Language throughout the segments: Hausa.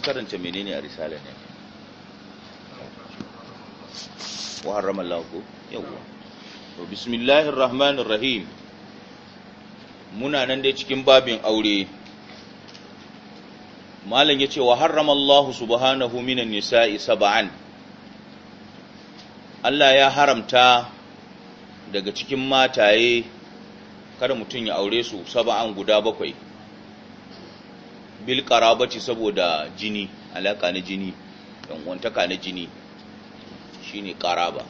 mun karanta menene a risala ne wa harrama Allah ko to bismillahir rahmanir rahim muna nan dai cikin babin aure malam ya ce wa harrama Allah subhanahu minan nisa'i saba'an? Allah ya haramta daga cikin mataye kada mutum ya aure su saba'an guda bakwai bil ce saboda jini alaka na jini dangantaka na jini shine qaraba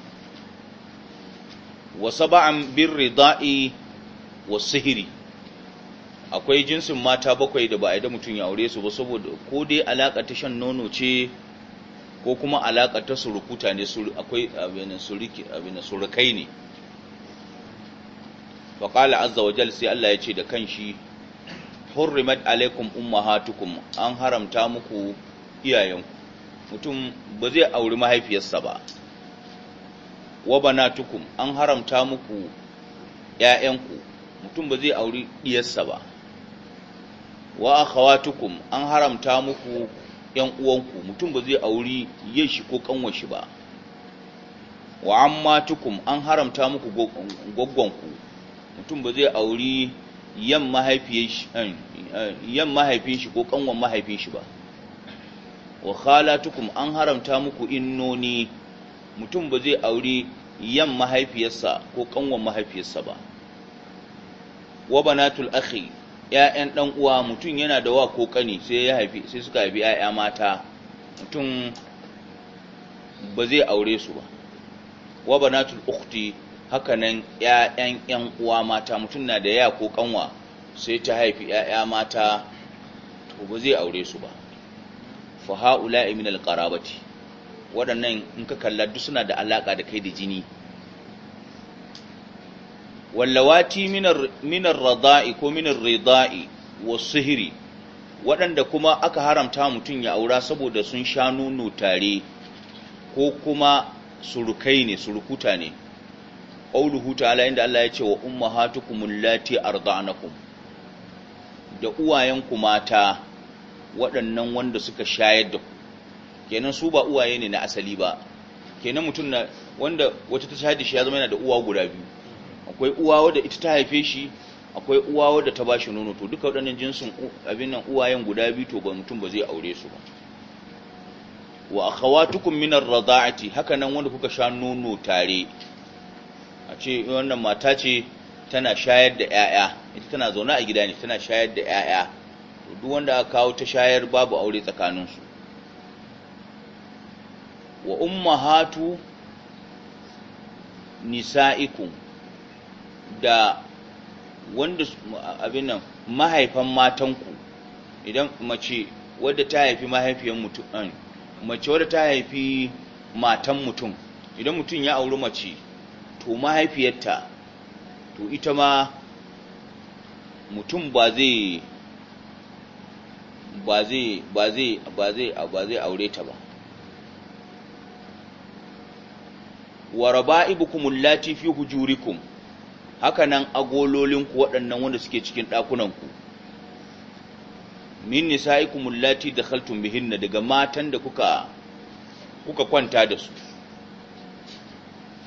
Wasu ba'an bin rida'i wasu hiri akwai jinsin mata bakwai da ba a yi da mutum ya aure su ba saboda ko dai alaka ta shan nono ce ko kuma alaka ta surukuta ne akwai abin da surukai ne wa qala azza sai Allah ya ce da kanshi hurrimat alaikum ummahatukum an haramta muku iyayenku mutum ba zai auri mahaifiyarsa ba wa banatukum an haramta muku ƴaƴanku mutum ba zai auri ɗiyarsa ba wa akhawatukum an haramta muku ƴan uwanku mutum ba zai auri yashi ko kanwashi ba wa ammatukum an haramta muku goggonku mutum ba zai auri Eh, eh, yan mahaifin shi ko kanwan mahaifin shi ba wa khalatukum an haramta muku innoni mutum ba zai auri yan mahaifiyarsa ko kanwan mahaifiyarsa ba wa banatul akhi ƴaƴan dan uwa mutum yana da wa ko kani sai ya haifi sai suka haifi ƴaƴa mata mutum ba zai aure su ba wa banatul ukhti hakanan ƴaƴan ƴan uwa mata mutum na da ya ko kanwa sai ta haifi ƴaƴa mata to ba zai aure su ba fa haula'i min alqarabati waɗannan in ka kalla duk suna da alaka da kai da jini wallawati min ar-rada'i ko min ar-rida'i was-sihri waɗanda kuma aka haramta mutum ya aura saboda sun sha nono tare ko kuma surukai ne surukuta ne qauluhu ta'ala inda Allah ya ce wa ummahatukum lati arda'nakum da uwayenku mata waɗannan wanda suka shayar da ku kenan su ba uwaye ne na asali ba kenan mutum na wanda wata ta shayar da shi ya zama yana da uwa guda biyu akwai uwa wadda ita ta haife shi akwai uwa wadda ta bashi nono to duka waɗannan jinsin abin nan uwayen guda biyu to ba mutum ba zai aure su ba wa akhawatukum min ar-rada'ati haka nan wanda kuka sha nono tare a ce wannan mata ce tana shayar da 'ya'ya ita tana zaune a gida ne tana shayar da 'ya'ya to duk wanda aka kawo ta shayar babu aure tsakaninsu wa ummahatu nisa'ikum da wanda abin nan mahaifan matanku idan mace wadda ta haifi mahaifiyar mutum eh, mace wadda ta haifi matan mutum idan mutum ya auri mace to mahaifiyarta to ita ma mutum ba zai ba zai ba zai ba zai ba zai aure ta ba wa raba'ibukum allati fi hujurikum hakanan agololinku waɗannan wanda suke cikin ɗakunanku min nisa'ikum allati dakhaltum bihinna daga matan da kuka kuka kwanta da su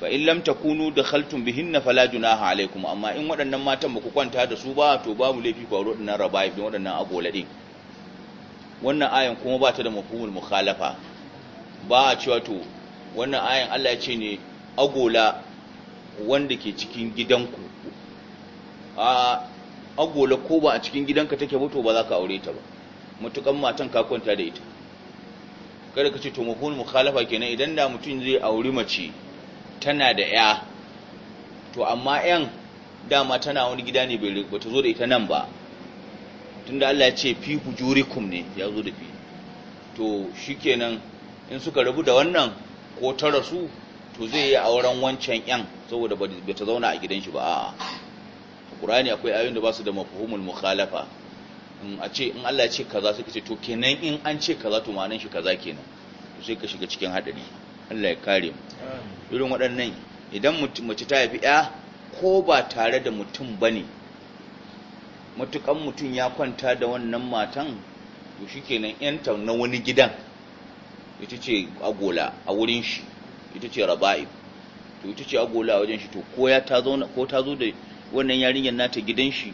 fa in lam takunu dakhaltum bihinna fala junaha alaykum amma in waɗannan matan ba ku kwanta da su ba to babu laifi ba aure na rabai din waɗannan agola din wannan ayan kuma ba ta da mafhumul mukhalafa ba a cewa to wannan ayan Allah ya ce ne agola wanda ke cikin gidanku a agola ko ba a cikin gidanka take ba to ba za ka aure ta ba mutukan matan ka kwanta da ita kada ka ce to mafhumul mukhalafa kenan idan da mutum zai auri mace tana da ya to amma yan dama tana wani gida ne bai zo da ita nan ba tunda Allah ya ce fi hujurikum ne ya zo da fi to shikenan in suka rabu da wannan ko ta rasu to zai yi auren wancan yan saboda ba ta zauna a gidan shi ba A Qur'ani akwai ayoyin da basu da mafhumul mukhalafa in a ce in Allah ya ce kaza suka ce to kenan in an ce kaza to ma'anar shi kaza kenan sai ka shiga cikin hadari Allah ya kare mu irin waɗannan idan mace ta haifi ya ko ba tare da mutum ba ne matukan mutum ya kwanta da wannan matan to shi kenan yanta na wani gidan ita ce agola a wurin shi ita ce raba'i to ita ce agola a wajen shi to ko ya ta zo ko ta zo da wannan yarinyar nata gidan shi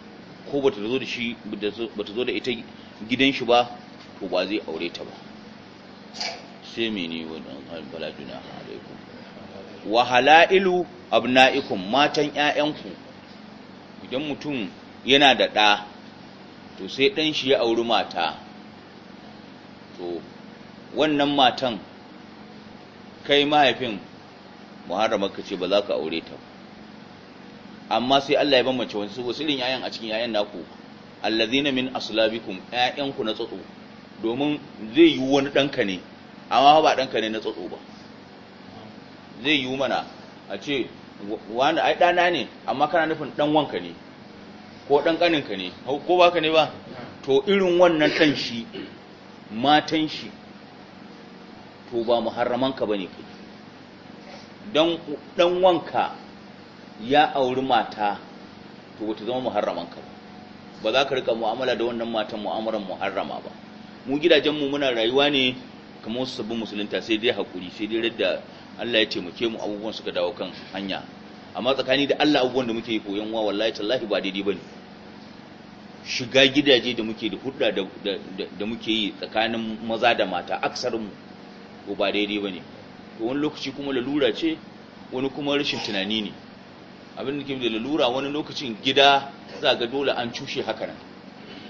ko bata zo da shi bata zo da ita gidan shi ba to ba zai aure ta ba sai mene wannan balajuna alaikum wa halailu abna'ikum matan ƴaƴanku idan mutum yana da ɗa to sai ɗan shi ya auri mata to wannan matan kai mahaifin muharrama ka ce ba za ka aure ta amma sai Allah ya bambance wani su wasirin ƴaƴan a cikin ƴaƴan naku allazina min aslabikum ƴaƴanku na tsotso domin zai yi wani danka ne amma ba danka ne na tsotso ba zai yi mana a ce wanda ai ɗana ne amma kana nufin ɗan wanka ne ko ɗan ƙaninka ne ko baka ne ba to irin wannan ɗan shi matan shi to ba muharramanka bane kai dan ɗan wanka ya auri mata to ba zama muharramanka ba ba za ka rika mu'amala da wannan matan muamalar muharrama ba mu gidajen mu muna rayuwa ne kamar wasu sabbin musulunta sai dai haƙuri sai dai radda Allah ya taimake mu abubuwan suka dawo kan hanya amma tsakani da Allah abubuwan da muke yi koyon wa wallahi tallahi ba daidai bane shiga gidaje da muke da hudda da muke yi tsakanin maza da mata aksarin mu ko ba daidai bane to wani lokaci kuma lalura ce wani kuma rashin tunani ne abin da ke da lalura wani lokacin gida za ga dole an cushe haka nan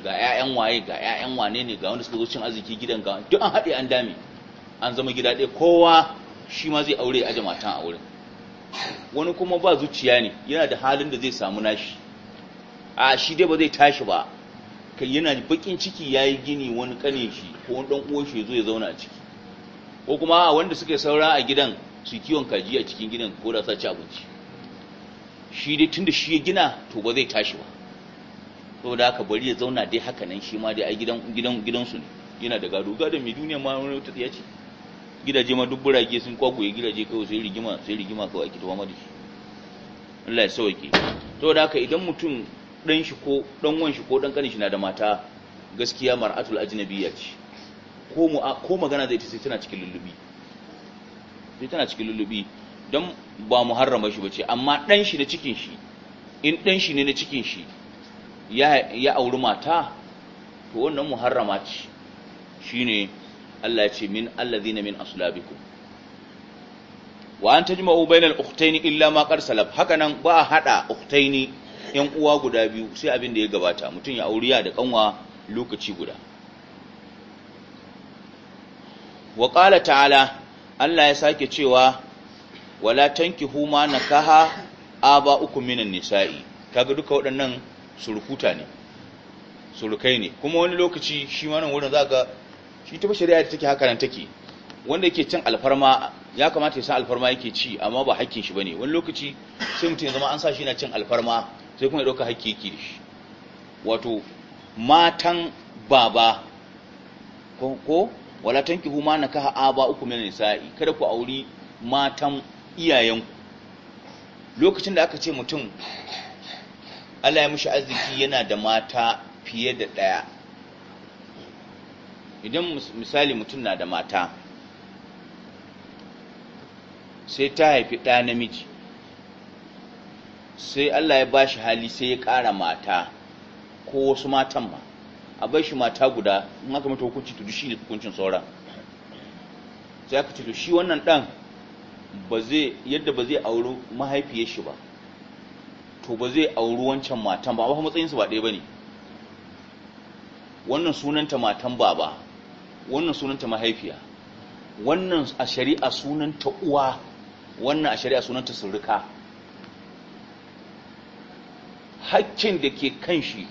ga 'ya'yan waye ga 'ya'yan wane ne ga wanda suka zo cin arziki gidan ga duk an haɗe an dame an zama gida ɗaya kowa shi ma zai aure a matan a wurin wani kuma ba zuciya ne yana da halin da zai samu nashi a shi dai ba zai tashi ba kai yana bakin ciki yayi gini wani kane shi ko wani dan uwan shi yazo ya zauna a ciki ko kuma a wanda suka saura a gidan su kiwon kaji a cikin gidan ko da sa ci abinci shi dai tunda shi ya gina to ba zai tashi ba saboda haka bari ya zauna dai haka nan shi ma dai a gidan gidansu ne yana da gado Gado mai duniya ma wani wata ya ce gidaje ma duk burage sun kwagoye gidaje kawai sai rigima sai rigima kawai ake tawa shi. Allah ya sauke saboda haka idan mutum dan shi ko dan wan shi ko dan kanin shi na da mata gaskiya mar'atul ajnabiyya ce ko mu ko magana zai ta sai tana cikin lullubi sai tana cikin lullubi dan ba mu harrama shi bace amma dan shi da cikin shi in dan shi ne na cikin shi ya auri mata to wannan muharrama ce shine Allah ya ce min allazina min aslabikum wa an tajma'u bainal ukhtaini illa ma qad salaf hakanan ba a hada ukhtaini yan uwa guda biyu sai abin da ya gabata mutum ya auriya da kanwa lokaci guda wa qala ta'ala Allah ya sake cewa wala tankihu ma nakaha aba uku minan nisa'i kaga duka waɗannan surukuta ne surukai ne kuma wani lokaci shi ma nan wurin zaka ga shi ta shari'a da take haka nan take wanda yake cin alfarma ya kamata ya san alfarma yake ci amma ba hakkin shi bane wani lokaci sai mutum ya zama an sa shi yana cin alfarma sai kuma ya dauka hakki yake da shi wato matan baba ko ko wala tankihu ma nakaha aba uku min nisa'i kada ku auri matan iyayenku lokacin da aka ce mutum Allah ya mushi arziki yana da mata fiye da ɗaya idan misali mutum na da mata sai ta haifi ɗa namiji sai Allah ya ba hali sai ya ƙara mata ko wasu matan ma a bai shi mata guda in aka mata hukunci tudu shi ne hukuncin sauran sai aka ce shi wannan ɗan yadda ba zai auri mahaifiyar shi ba to ba zai auri wancan matan ba ba matsayinsu ba ɗaya ba ne wannan sunanta matan baba wannan sunanta mahaifiya wannan a shari'a sunanta uwa wannan a shari'a sunanta surruka hakkin da ke kan shi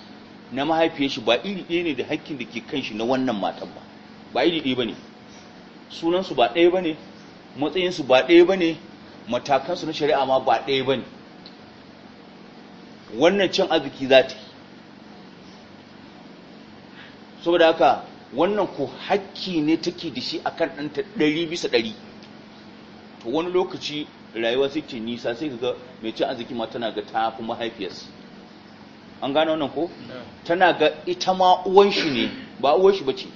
na mahaifiyar shi ba iri ɗaya ne da hakkin da ke kan shi na wannan matan ba ba iri ɗaya ba ne sunansu ba ɗaya ba ne matsayinsu ba ɗaya ba ne matakansu na shari'a ma ba ɗaya ba ne wannan cin arziki za ta yi saboda haka wannan ko hakki ne take da shi a kan ɗanta ɗari bisa ɗari to wani lokaci rayuwa sai ke nisa sai ga mai cin arziki ma tana ga ta fi mahaifiyarsa an gano wannan ko tana ga ita ma uwan shi ne ba uwan shi bace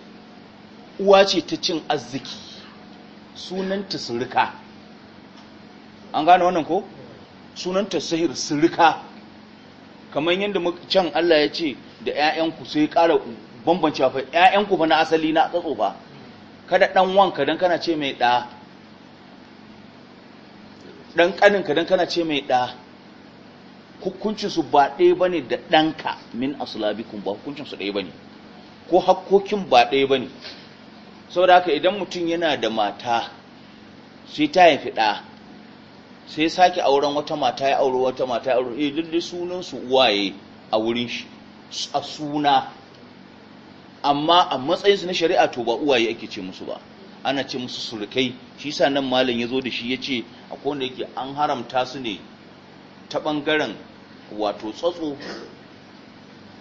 uwa ce ta cin arziki sunanta surika an gano wannan ko sunanta sahir surika kamar yadda can Allah ya ce da ‘ya'yanku sai ƙara bambance fa ‘ya'yanku fa na asali na tsatso ba kada ɗan wanka don kana ce mai ɗa ɗan ƙaninka don kana ce mai ɗa hukuncinsu ba ɗaya ba ne da ɗanka min asulabikun ba hukuncinsu ɗaya ba ne ko hakkokin ba ɗaya ba ne saboda haka idan mutum yana da mata sai ta haifi ɗa sai sake auren wata mata ya auri wata mata ya auri eh lalle sunan su uwaye a wurin shi a suna amma a matsayin su na shari'a to ba uwaye ake ce musu ba ana ce musu surukai shi sa nan malam ya zo da shi yace a wanda yake an haramta su ne ta bangaren wato tsatso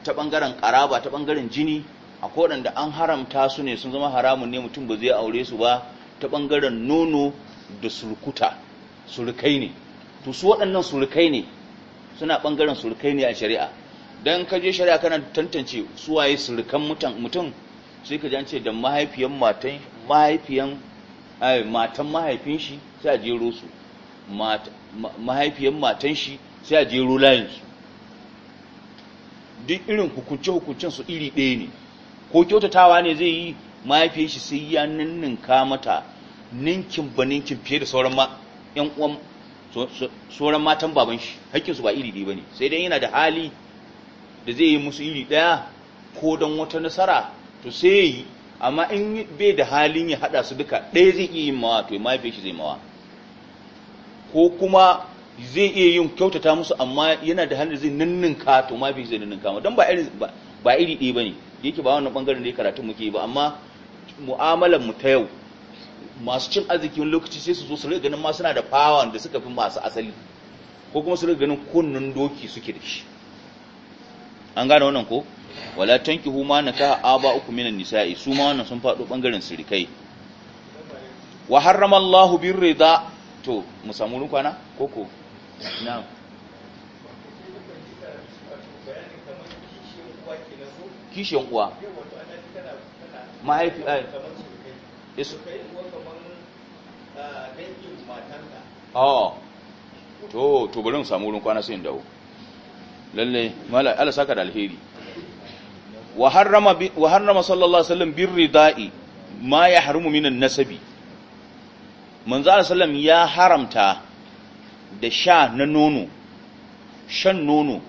ta bangaren karaba ta bangaren jini akwai waɗanda an haramta su ne sun zama haramun ne mutum ba zai aure su ba ta bangaren nono da surkuta. surukai ne to su waɗannan surukai ne suna ɓangaren surukai ne a shari'a don ka je shari'a kana tantance suwaye waye surukan mutum sai ka jance da mahaifiyan matan mahaifiyan eh, matan mahaifin shi sai a jero su mahaifiyan matan shi sai a jero layin su duk irin hukunce-hukuncen su iri ɗaya ne ko kyautatawa ne zai yi mahaifiyar shi sai ya ninka mata ninkin ba ninkin fiye da sauran yan uwan sauran matan baban shi hakkin su ba iri ɗaya bane sai dai yana da hali da zai yi musu iri ɗaya ko don wata nasara to sai yi amma in bai da halin ya haɗa su duka ɗaya zai iya yin mawa to mafi shi zai mawa ko kuma zai iya yin kyautata musu amma yana da halin zai ninninka to mafi shi zai ninninka ma don ba iri ba iri ɗaya bane yake ba wannan bangaren da ya karatu muke ba amma mu'amalar mu ta yau masu cin arziki wani lokaci sai su zo su ganin ma suna da fawon da suka fi masu asali ko kuma su ganin kunnun doki suke da shi an gane wannan ko wala tanki huma ma ka aba uku minan nisa'i su ma wannan sun fado bangaren sirikai wa harrama Allahu rida to mu samu ruka na koko na'am kishin uwa mahaifi Ah, ah, to to bari mu wa harrama wa harrama sallallahu alaihi wasallam ma minan nasabi ya haramta da sha na nono shan nono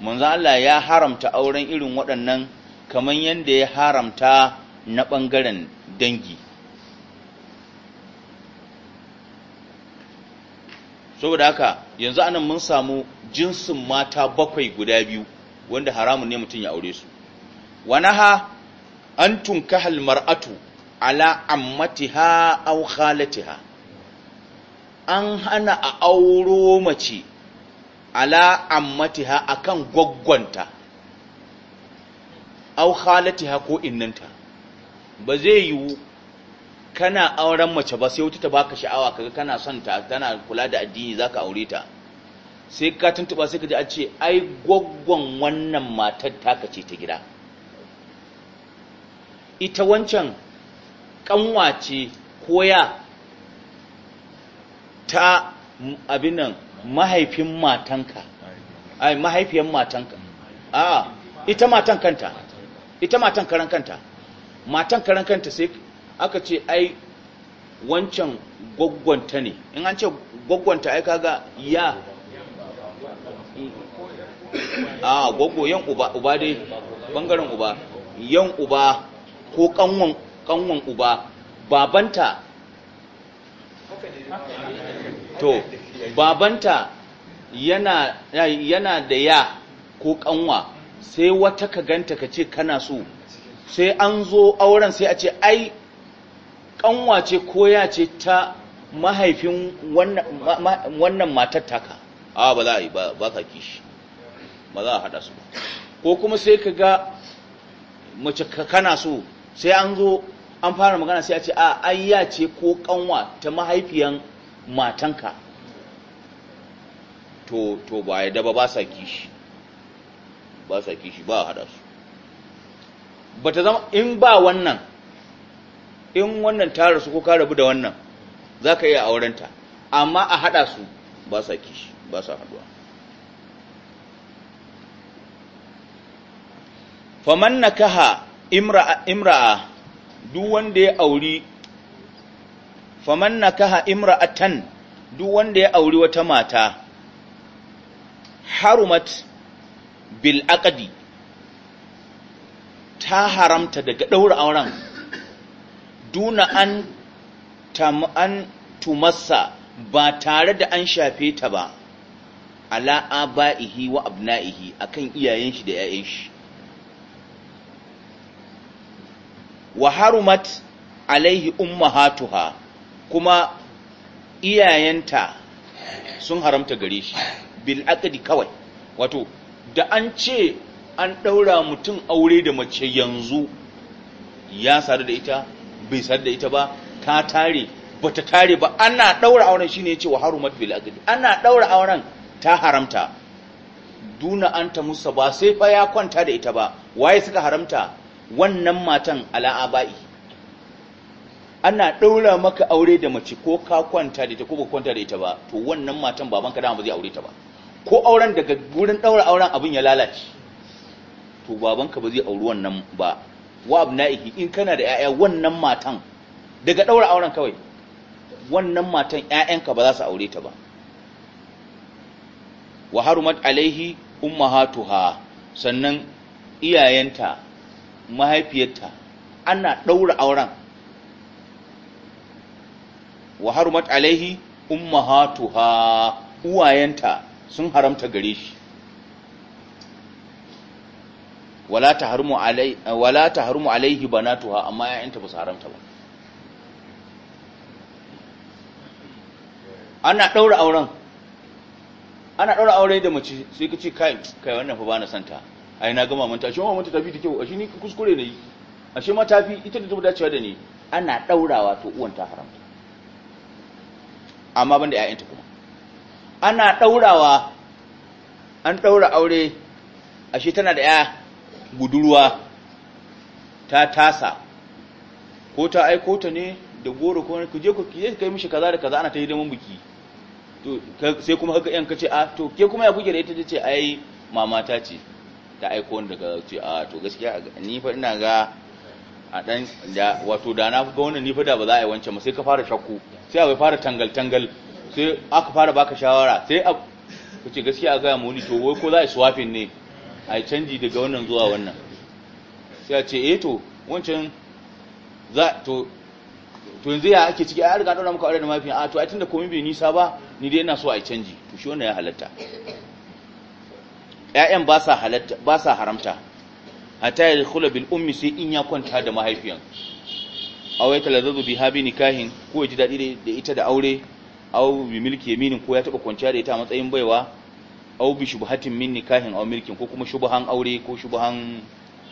manzo ya haramta auren irin waɗannan kaman yadda ya haramta na ɓangaren dangi saboda haka yanzu anan mun samu jinsin mata bakwai guda biyu wanda haramun ne mutum ya aure su wanaha an tunkahal mar'atu ala ammatiha aw khalatiha an hana a auro mace ala ammatiha akan gwaggwanta aw khalatiha ko innanta ba zai yiwu kana auren mace ba sai wuta ta baka sha'awa kaga kana son ta tana kula da addini zaka aure ta sai ka tuntuba sai ka ji a ce ai gwaggon wannan matar taka ce ta gida ita wancan kanwa ce koya ta abin nan mahaifin matanka ai mahaifiyan matanka a ita matan kanta ita matan karan kanta matan karan kanta sai aka ce ai wancan gwaggwanta ne in an ce gwaggwanta ai kaga ya a gwaggo yan uba uba dai bangaren uba yan uba ko kanwan kanwan uba babanta to babanta yana yana da ya ko kanwa sai wata ka ganta ka ce kana so sai an zo auren sai a ce ai kanwace ko ya ce ta mahaifin wannan matar taka a ba za a yi ba ka kishi ba za a haɗa su ba ko kuma sai ka ga mace kana so sai an zo an fara magana sai a ce a an ya ce ko kanwa ta mahaifiyan matanka to to ba ya daba ba sa kishi ba sa kishi ba a haɗa su ba ta zama in ba wannan in wannan ta su ko ka rabu da wannan za ka iya aurenta amma a haɗa su ba sa kishi ba sa haɗuwa faman na kaha imra'a duk wanda ya auri faman na kaha imra'atan duk wanda ya auri wata mata harumat bil aqdi ta haramta daga ɗaura auren duna an tam'an tumassa ba tare da an shafe ta ba ala abaihi wa abnaihi akan iyayen shi da 'ya'yanshi. shi wa harumat alaihi ummahatuha kuma iyayenta sun haramta gare shi bil aqdi kawai wato da an ce an ɗaura mutum aure da mace yanzu ya sadu da ita bai san da ita ba ta tare bata tare ba ana daura auren shine yace wa harumat bil aqd ana daura auren ta haramta duna anta musa ba sai fa ya kwanta da ita ba waye suka haramta wannan matan abai ana daura maka aure da mace ko ka kwanta da ita ko ba kwanta da ita ba to wannan matan babanka dama ba zai aure ta ba ko auren daga gurin daura auren abin ya lalace to babanka ba zai auri wannan ba wa abna'ihi in kana da ƴaƴa wannan matan daga daura auren kawai wannan matan ƴaƴanka ba za su aure ta ba wa harumat alaihi ummahatuha sannan iyayenta mahaifiyarta ana daura auren wa harumat alaihi ummahatuha uwayenta sun haramta gare shi wala ta harmu alaihi ba na tuha, amma ya'yanta ba su haramta ba ana ɗaura auren ana ɗaura auren da mace sai ka ce kai kai wannan fa na santa ai na gama manta ashe mamanta fi da kyau ashe ni kuskure yi. ashe ma ta fi ita da ta dacewa da ni ana ɗaurawa to uwan ta haramta amma banda 'ya'yanta kuma ana ɗaurawa an ɗaura aure ashe tana da ƴaƴa budurwa ta tasa ko ta aiko ta ne da goro ko ku je ku je kai mishi kaza da kaza ana ta hidimin biki to sai kuma haka yan kace a ah, to ke kuma ya kuke da ita tace ai mama ta ce ta aiko wanda ka ce a ah, to gaskiya ni fa ina ga a dan da wato da na ga wannan ni fa da ba za a yi wancan ba sai ka fara shakku sai a fara tangal tangal sai aka fara baka shawara sai a kace gaskiya a ga mu ni to wai ko za a yi swapping ne a canji daga wannan zuwa wannan sai a ce eh to wancan za to to yanzu ya ake ciki a riga daura muka aure da mafi a to a tunda komai bai nisa ba ni dai ina so a canji to shi wannan ya halatta ƴaƴan ba sa halatta ba sa haramta hatta yadkhulu bil ummi sai in ya kwanta da mahaifiyan aw ya talazzu biha bi nikahin ko ya ji dadi da ita da aure aw bi milki yaminin ko ya taba kwanciya da ita a matsayin baiwa au bi shubhatin min nikahin aw milkin ko kuma shubhan aure ko shubhan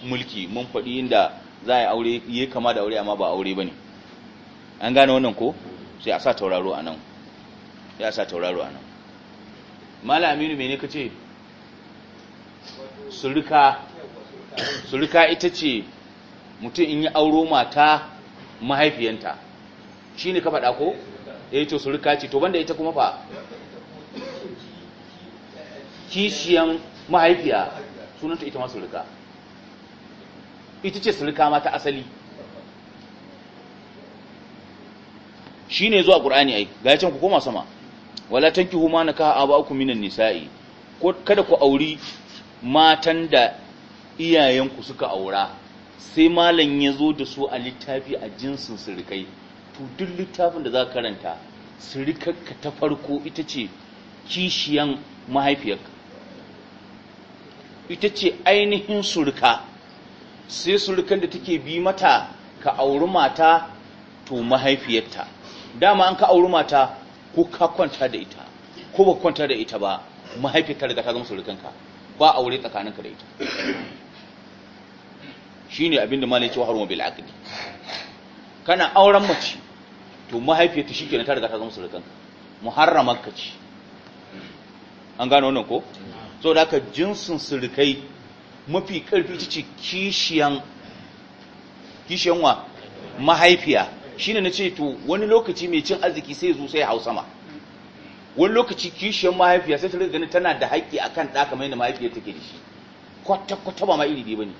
mulki mun faɗi inda za a yi aure yi kama da aure amma ba aure bane an gane wannan ko sai a sa tauraro a nan sai a sa tauraro a nan mala aminu mene ka ce surika surika ita ce mutum in yi auro mata mahaifiyanta shi ne ka faɗa ko ya eh yi to surika ce to banda ita kuma fa kishiyan mahaifiya sunanta ita ma surika ita ce surika ma asali shi ne zuwa ƙur'ani ai ga can ku koma sama wala huma na kaha abu aku minan nisa'i ko kada ku auri matan da iyayenku suka aura sai malam ya zo da su a littafi a jinsin sirikai to duk littafin da za ka karanta sirikarka ta farko ita ce kishiyan mahaifiyarka ita ce ainihin surka sai surkan da take bi mata ka auri mata to mahaifiyarta dama an ka auri mata ko ka kwanta da ita ko ba kwanta da ita ba mahaifiyarta daga ta zama ka ba aure tsakanin ka da ita shine abinda malai ce haruma bil aqdi kana auren mace to mahaifiyarta shikenan ta riga ta zama muharramar muharramanka ce an gano wannan ko zo da ka jinsin surukai mafi ƙarfi ta ce kishiyan kishiyan wa mahaifiya shine na ce to wani lokaci mai cin arziki sai zo sai hau sama wani lokaci kishiyan mahaifiya sai ta gani tana da haƙƙi kan ɗaka mai da mahaifiyar take da shi kwata-kwata ba ma iri ɗaya ba ne,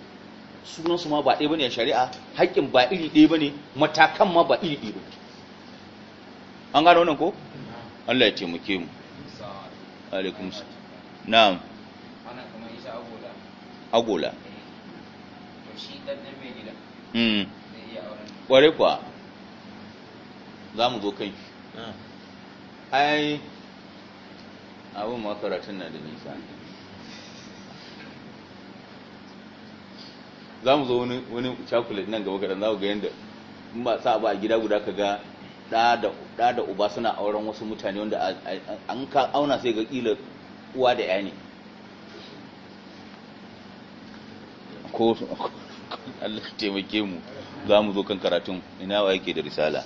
sunansu ma ba ɗaya bane a shari'a haƙƙin ba iri ɗaya ba ne, matakan ma ba iri ɗaya ba an gane wannan ko Allah ya taimake mu alaikum salam na'am ana kamar isa agola agola eh, to shi dan ne mai gida mm kware kwa za mu zo kai ai abin makaratun na da nisa za mu zo wani chocolate nan gaba kadan za ku ga yadda in ba sa ba a gida guda ka ga ɗa da uba suna auren wasu mutane wanda an ka auna sai ga kila uwa da yani ko Allah taimake mu za mu zo kan karatun ina wa yake da risala